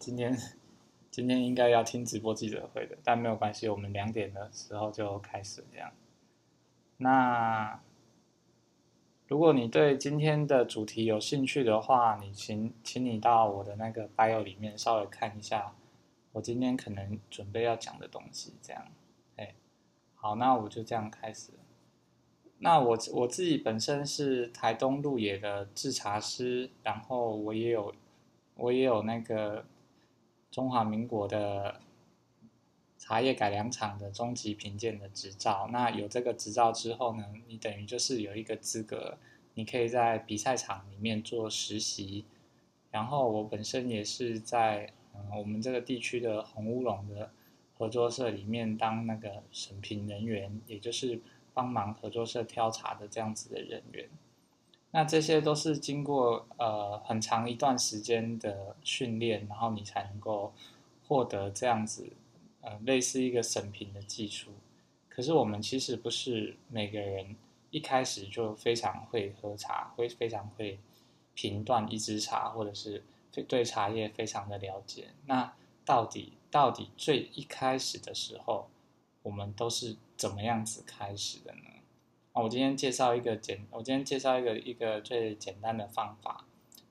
今天，今天應該要聽直播記者會的，但沒有關係，我們兩點的時候就開始這樣。那如果你對今天的主題有興趣的話，你請請你到我的那個 bio 裡面稍微看一下，我今天可能準備要講的東西這樣。嘿，好，那我就這樣開始。那我我自己本身是台東鹿野的製茶師，然後我也有。我也有那個中華民國的茶業改良場的中級評鑑的執照。那有這個執照之後呢，你等於就是有一個資格，你可以在比賽場裡面做實習。然後我本身也是在、嗯、我們這個地區的紅烏龍的合作社裡面當那個審評人員，也就是幫忙合作社挑茶的這樣子的人員。那這些都是經過呃很長一段時間的訓練，然後你才能夠獲得這樣子，呃類似一個審評的技術。可是我們其實不是每個人一開始就非常會喝茶，會非常會評斷一支茶，或者是對對茶葉非常的了解。那到底到底最一開始的時候，我們都是怎麼樣子開始的呢？我今天介紹一個簡，我今天介紹一個一個最簡單的方法，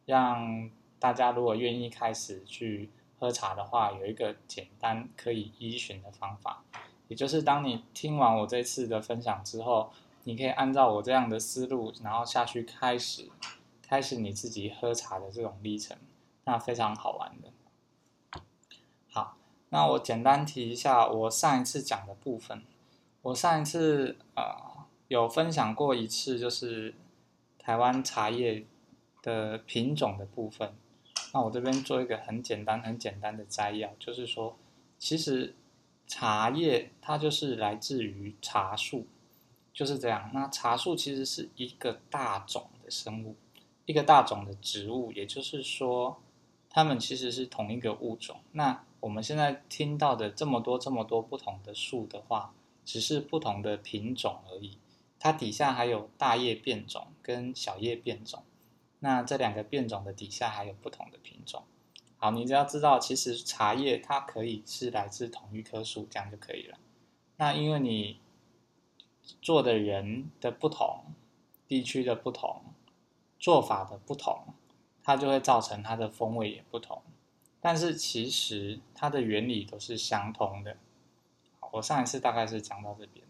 讓大家如果願意開始去喝茶的話，有一個簡單可以依循的方法，也就是當你聽完我這次的分享之後，你可以按照我這樣的思路，然後下去開始開始你自己喝茶的這種歷程，那非常好玩的。好，那我簡單提一下我上一次講的部分，我上一次呃。有分享過一次，就是台灣茶葉的品種的部分。那我這邊做一個很簡單、很簡單的摘要，就是說，其實茶葉它就是來自於茶樹，就是這樣。那茶樹其實是一個大種的生物，一個大種的植物，也就是說，它們其實是同一個物種。那我們現在聽到的這麼多、這麼多不同的樹的話，只是不同的品種而已。它底下還有大葉變種跟小葉變種，那這兩個變種的底下還有不同的品種。好，你只要知道，其實茶葉它可以是來自同一棵樹，這樣就可以了。那因為你做的人的不同、地區的不同、做法的不同，它就會造成它的風味也不同。但是其實它的原理都是相同的。好，我上一次大概是講到這邊。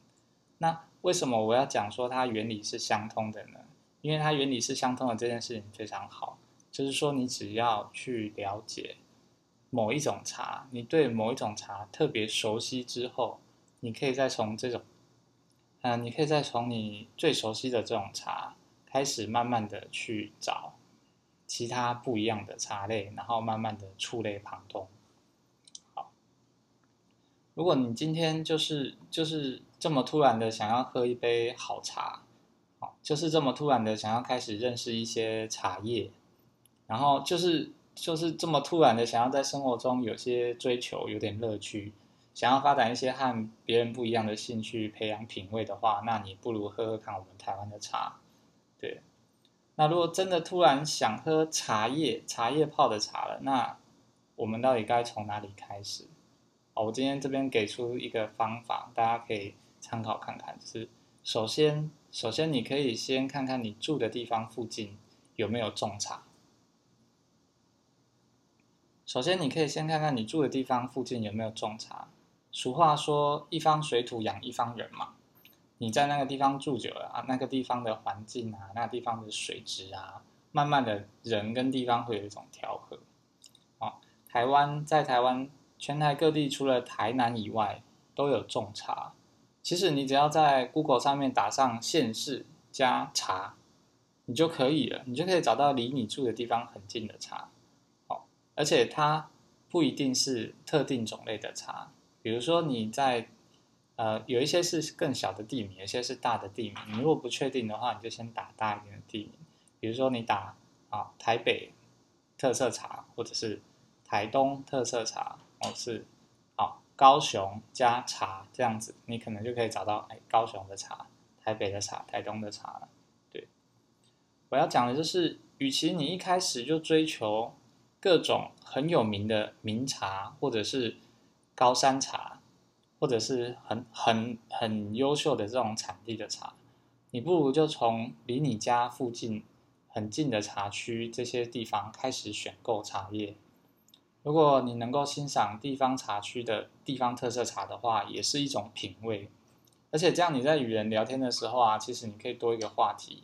那為什麼我要講說它原理是相通的呢？因為它原理是相通的這件事情非常好，就是說你只要去了解某一種茶，你對某一種茶特別熟悉之後，你可以再從這種，嗯、呃，你可以再從你最熟悉的這種茶開始，慢慢的去找其他不一樣的茶類，然後慢慢的觸類旁通。好，如果你今天就是就是。這麼突然的想要喝一杯好茶，哦，就是這麼突然的想要開始認識一些茶葉，然後就是就是這麼突然的想要在生活中有些追求，有點樂趣，想要發展一些和別人不一樣的興趣，培養品味的話，那你不如喝喝看我們台灣的茶，對。那如果真的突然想喝茶葉，茶葉泡的茶了，那我們到底該從哪裡開始？哦，我今天這邊給出一個方法，大家可以。參考看看，就是首先，首先你可以先看看你住的地方附近有沒有種茶。首先，你可以先看看你住的地方附近有沒有種茶。俗話說“一方水土養一方人”嘛，你在那個地方住久了啊，那個地方的環境啊，那地方的水質啊，慢慢的人跟地方會有一種調和。啊，台灣，在台灣，全台各地除了台南以外，都有種茶。其實你只要在 Google 上面打上縣市加茶，你就可以了，你就可以找到離你住的地方很近的茶，哦，而且它不一定是特定種類的茶，比如說你在，呃，有一些是更小的地名，有一些是大的地名，你如果不確定的話，你就先打大一點的地名，比如說你打啊、哦、台北特色茶，或者是台東特色茶，哦，是。高雄加茶這樣子，你可能就可以找到，哎，高雄的茶，台北的茶，台東的茶了。對，我要講的就是，與其你一開始就追求各種很有名的名茶，或者是高山茶，或者是很很很優秀的這種產地的茶，你不如就從離你家附近很近的茶區這些地方開始選購茶葉。如果你能夠欣賞地方茶區的地方特色茶的話，也是一種品味。而且這樣你在與人聊天的時候啊，其實你可以多一個話題。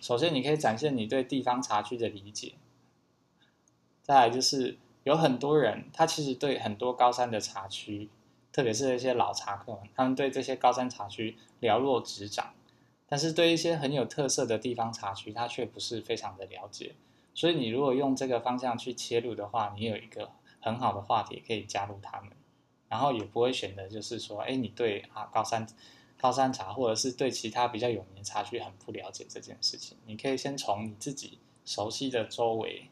首先，你可以展現你對地方茶區的理解。再來就是有很多人，他其實對很多高山的茶區，特別是那些老茶客，他們對這些高山茶區瞭若指掌，但是對一些很有特色的地方茶區，他卻不是非常的了解。所以你如果用這個方向去切入的話，你有一個。很好的話題可以加入他們，然後也不會選擇就是說，哎、欸，你對啊高山高山茶或者是對其他比較有名的茶區很不了解這件事情，你可以先從你自己熟悉的周圍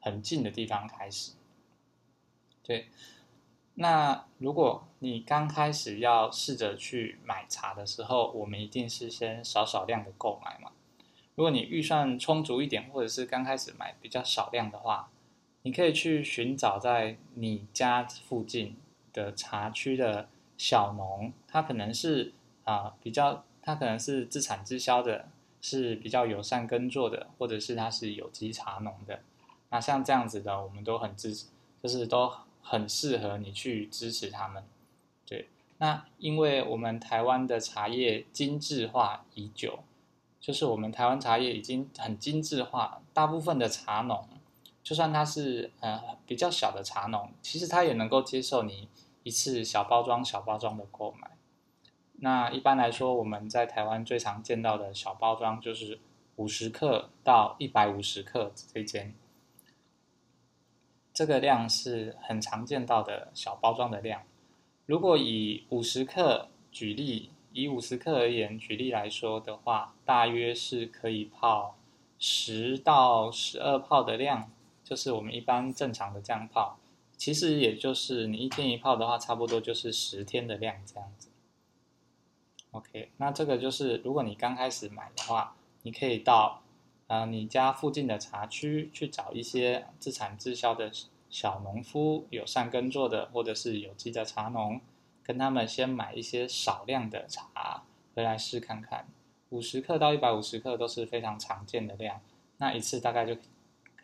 很近的地方開始。對，那如果你剛開始要試着去買茶的時候，我們一定是先少少量的購買嘛。如果你預算充足一點，或者是剛開始買比較少量的話。你可以去尋找在你家附近的茶區的小農，他可能是啊、呃、比較，他可能是自產自銷的，是比較友善耕作的，或者是他是有機茶農的。那像這樣子的，我們都很支持，就是都很適合你去支持他們。對，那因為我們台灣的茶葉精緻化已久，就是我們台灣茶葉已經很精緻化，大部分的茶農。就算它是呃比較小的茶農，其實他也能夠接受你一次小包裝、小包裝的購買。那一般來說，我們在台灣最常見到的小包裝就是五十克到一百五十克之間，這個量是很常見到的小包裝的量。如果以五十克舉例，以五十克而言舉例來說的話，大約是可以泡十到十二泡的量。就是我們一般正常的這樣泡，其實也就是你一天一泡的話，差不多就是十天的量這樣子。OK，那這個就是如果你剛開始買的話，你可以到啊、呃、你家附近的茶區去找一些自產自銷的小農夫、友善耕作的或者是有機的茶農，跟他們先買一些少量的茶回來試看看，五十克到一百五十克都是非常常見的量，那一次大概就。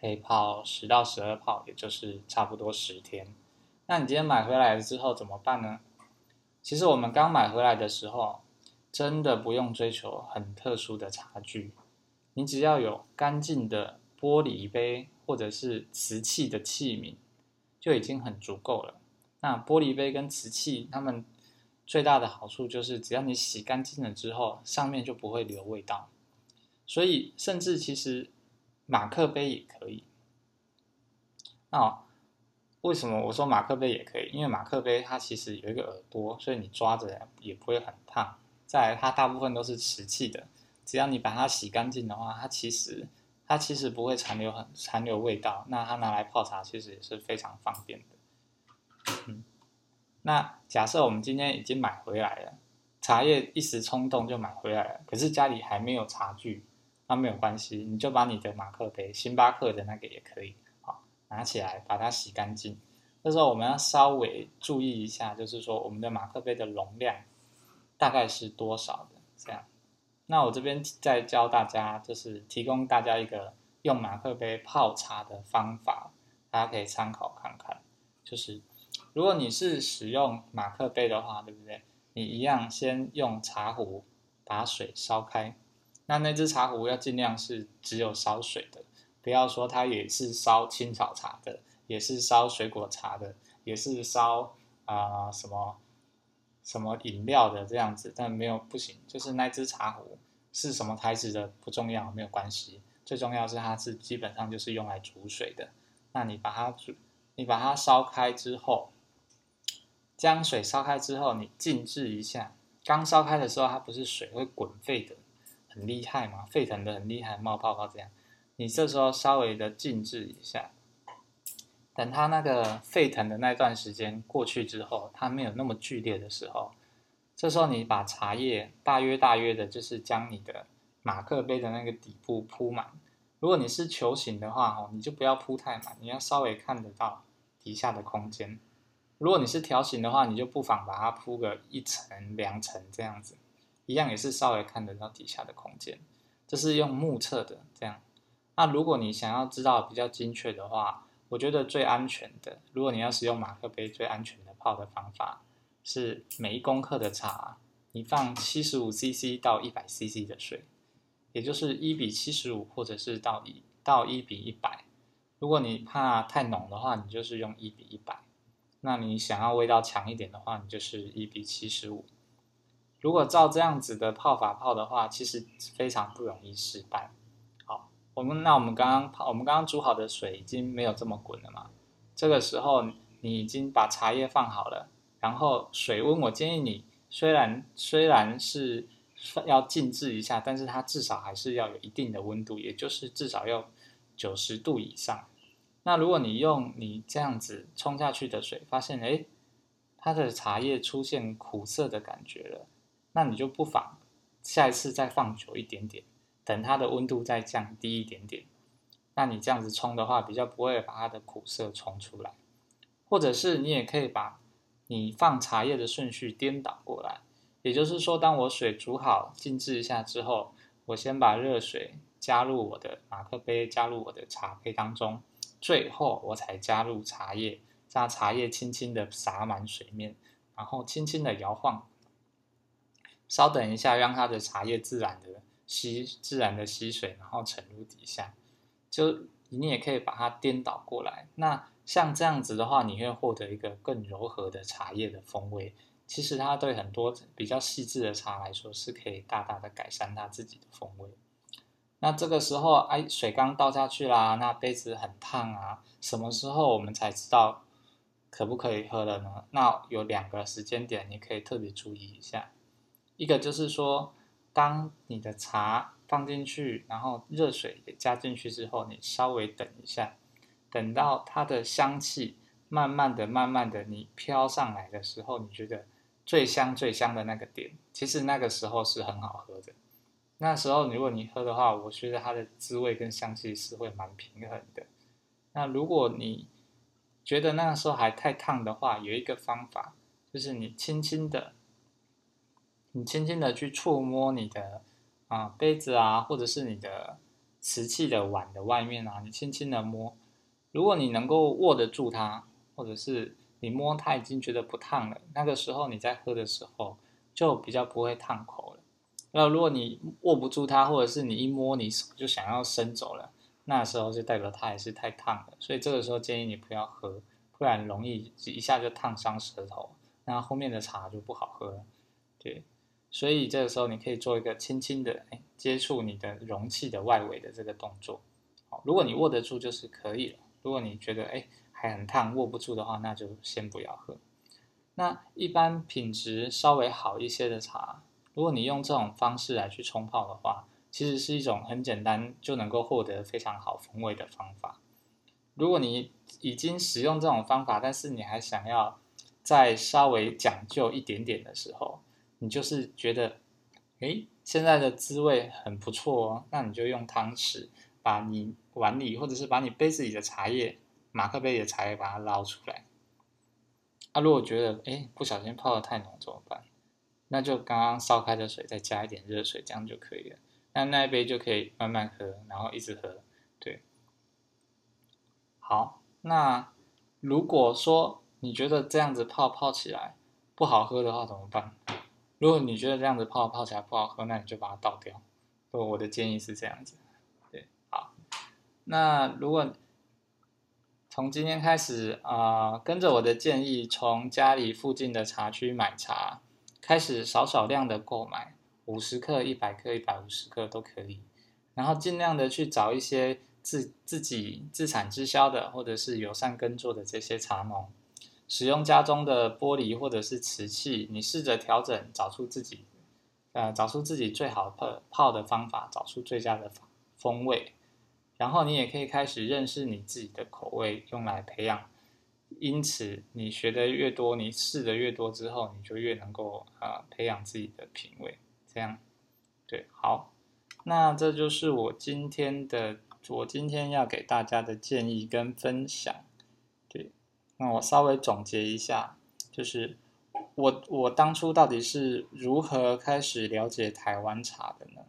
可以泡十到十二泡，也就是差不多十天。那你今天買回來之後怎麼辦呢？其實我們剛買回來的時候，真的不用追求很特殊的茶具，你只要有乾淨的玻璃杯或者是瓷器的器皿，就已經很足夠了。那玻璃杯跟瓷器它們最大的好處就是，只要你洗乾淨了之後，上面就不會留味道。所以，甚至其實。馬克杯也可以。那、oh, 為什麼我說馬克杯也可以？因為馬克杯它其實有一個耳朵，所以你抓着也不會很燙。再來，它大部分都是瓷器的，只要你把它洗乾淨的話，它其實它其實不會殘留很殘留味道。那它拿來泡茶其實也是非常方便的。嗯，那假設我們今天已經買回來了，茶葉一時衝動就買回來了，可是家裡還沒有茶具。那、啊、沒有關係，你就把你的馬克杯，星巴克的那個也可以，好、哦，拿起來把它洗乾淨。這時候我們要稍微注意一下，就是說我們的馬克杯的容量大概是多少的，這樣。那我這邊再教大家，就是提供大家一個用馬克杯泡茶的方法，大家可以參考看看。就是如果你是使用馬克杯的話，對不對？你一樣先用茶壺把水燒開。那那隻茶壺要盡量是只有燒水的，不要說它也是燒青草茶的，也是燒水果茶的，也是燒啊、呃、什麼什麼飲料的這樣子，但沒有不行，就是那隻茶壺是什麼牌子的不重要，沒有關係，最重要是它是基本上就是用來煮水的。那你把它煮，你把它燒開之後，將水燒開之後，你靜置一下，剛燒開的時候它不是水會滾沸的。很厲害嘛，沸騰得很厲害，冒泡泡這樣。你這時候稍微的靜置一下，等它那個沸騰的那段時間過去之後，它沒有那麼劇烈的時候，這時候你把茶葉大約大約的，就是將你的馬克杯的那個底部鋪滿。如果你是球形的話，哦，你就不要鋪太滿，你要稍微看得到底下的空間。如果你是條形的話，你就不妨把它鋪個一層兩層這樣子。一樣也是稍微看得到底下的空間，這是用目測的這樣。那如果你想要知道比較精確的話，我覺得最安全的，如果你要使用馬克杯最安全的泡的方法，是每一公克的茶，你放七十五 CC 到一百 CC 的水，也就是一比七十五或者是到一到一比一百。如果你怕太濃的話，你就是用一比一百。那你想要味道強一點的話，你就是一比七十五。如果照這樣子的泡法泡的話，其實非常不容易失敗。好，我們那我們剛剛泡，我們剛剛煮好的水已經沒有這麼滾了嘛。這個時候你已經把茶葉放好了，然後水溫我建議你，雖然雖然是要靜置一下，但是它至少還是要有一定的溫度，也就是至少要九十度以上。那如果你用你這樣子衝下去的水，發現誒、欸，它的茶葉出現苦澀的感覺了。那你就不妨下一次再放久一點點，等它的溫度再降低一點點。那你這樣子沖的話，比較不會把它的苦澀沖出來。或者是你也可以把你放茶葉的順序顛倒過來，也就是說，當我水煮好、靜置一下之後，我先把熱水加入我的馬克杯，加入我的茶杯當中，最後我才加入茶葉，讓茶葉輕輕輕的灑滿水面，然後輕輕的搖晃。稍等一下，讓它的茶葉自然的吸自然的吸水，然後沉入底下。就你也可以把它顛倒過來。那像這樣子的話，你會獲得一個更柔和的茶葉的風味。其實它對很多比較細緻的茶來說，是可以大大的改善它自己的風味。那這個時候，哎，水剛倒下去啦，那杯子很燙啊。什麼時候我們才知道可不可以喝了呢？那有兩個時間點，你可以特別注意一下。一個就是說，當你的茶放進去，然後熱水也加進去之後，你稍微等一下，等到它的香氣慢慢的、慢慢的你飄上來的時候，你覺得最香、最香的那個點，其實那個時候是很好喝的。那時候如果你喝的話，我覺得它的滋味跟香氣是會蠻平衡的。那如果你覺得那個時候還太燙的話，有一個方法就是你輕輕的。你輕輕的去觸摸你的啊、呃、杯子啊，或者是你的瓷器的碗的外面啊，你輕輕的摸。如果你能夠握得住它，或者是你摸它已經覺得不燙了，那個時候你在喝的時候就比較不會燙口了。那如果你握不住它，或者是你一摸你手就想要伸走了，那時候就代表它還是太燙了。所以這個時候建議你不要喝，不然容易一下就燙傷舌頭，那後面的茶就不好喝了。對。所以這個時候，你可以做一個輕輕的哎接觸你的容器的外圍的這個動作。好，如果你握得住就是可以了。如果你覺得哎還很燙，握不住的話，那就先不要喝。那一般品質稍微好一些的茶，如果你用這種方式來去沖泡的話，其實是一種很簡單就能夠獲得非常好風味的方法。如果你已經使用這種方法，但是你還想要再稍微講究一點點的時候。你就是覺得，哎，現在的滋味很不錯哦，那你就用湯匙把你碗裡，或者是把你杯子裡的茶葉，馬克杯裡的茶葉，把它撈出來。那、啊、如果覺得，哎，不小心泡得太濃怎麼辦？那就剛剛燒開的水再加一點熱水，這樣就可以了。那那一杯就可以慢慢喝，然後一直喝，對。好，那如果說你覺得這樣子泡泡起來不好喝的話，怎麼辦？如果你覺得這樣子泡泡起來不好喝，那你就把它倒掉。所以我的建議是這樣子，對，好。那如果從今天開始啊、呃，跟着我的建議，從家裡附近的茶區買茶，開始少少量的購買，五十克、一百克、一百五十克都可以，然後盡量的去找一些自自己自產自銷的，或者是友善耕作的這些茶農。使用家中的玻璃或者是瓷器，你試着調整，找出自己，呃，找出自己最好泡泡的方法，找出最佳的風味。然後你也可以開始認識你自己的口味，用來培養。因此，你學的越多，你試的越多之後，你就越能夠啊，呃，培養自己的品味。這樣，對，好，那這就是我今天的我今天要給大家的建議跟分享。那我稍微總結一下，就是我我當初到底是如何開始了解台灣茶的呢？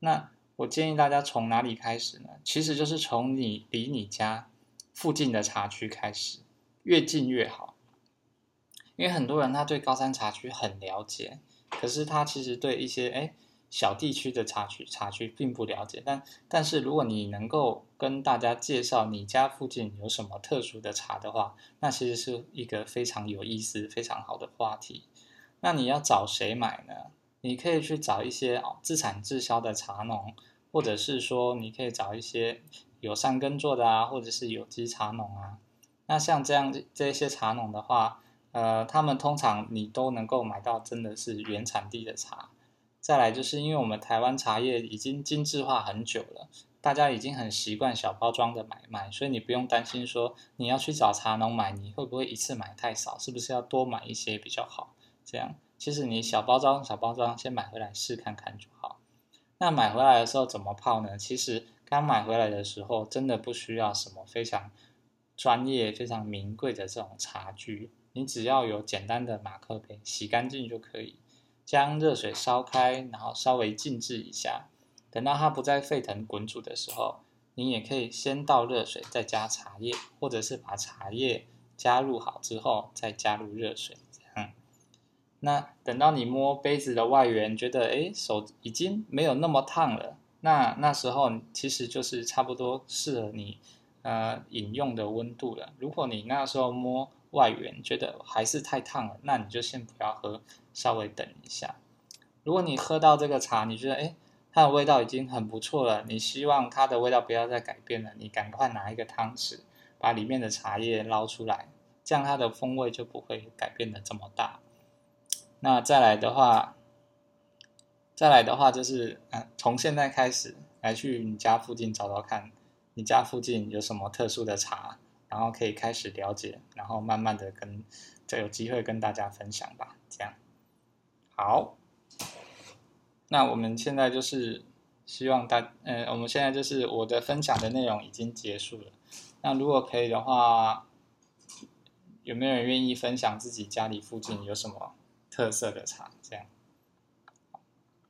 那我建議大家從哪裡開始呢？其實就是從你離你家附近的茶區開始，越近越好，因為很多人他對高山茶區很了解，可是他其實對一些哎、誒小地區的茶區，茶區並不了解，但但是如果你能夠跟大家介紹你家附近有什麼特殊的茶的話，那其實是一個非常有意思、非常好的話題。那你要找誰買呢？你可以去找一些哦自產自銷的茶農，或者是說你可以找一些友善耕作的啊，或者是有機茶農啊。那像這樣這些茶農的話，呃，他們通常你都能夠買到真的是原產地的茶。再來就是因為我們台灣茶葉已經精緻化很久了，大家已經很習慣小包裝的買賣，所以你不用擔心說你要去找茶農買，你會不會一次買太少，是不是要多買一些比較好？這樣其實你小包裝小包裝先買回來試看看就好。那買回來的時候怎麼泡呢？其實剛買回來的時候真的不需要什麼非常專業、非常名貴的這種茶具，你只要有簡單的馬克杯，洗乾淨就可以。將熱水燒開，然後稍微靜置一下，等到它不再沸騰滾煮的時候，你也可以先倒熱水再加茶葉，或者是把茶葉加入好之後再加入熱水。嗯，那等到你摸杯子的外緣，覺得哎手已經沒有那麼燙了，那那時候其實就是差不多適合你呃飲用的溫度了。如果你那時候摸。外援覺得還是太燙了，那你就先不要喝，稍微等一下。如果你喝到這個茶，你覺得誒，它的味道已經很不錯了，你希望它的味道不要再改變了，你趕快拿一個湯匙把裡面的茶葉撈出來，這樣它的風味就不會改變的這麼大。那再來的話，再來的話就是，嗯、啊，從現在開始來去你家附近找找看，你家附近有什麼特殊的茶。然後可以開始了解，然後慢慢的跟，就有機會跟大家分享吧，這樣。好，那我們現在就是希望大，嗯、呃，我們現在就是我的分享的內容已經結束了。那如果可以的話，有沒有人願意分享自己家裡附近有什麼特色的茶，這樣。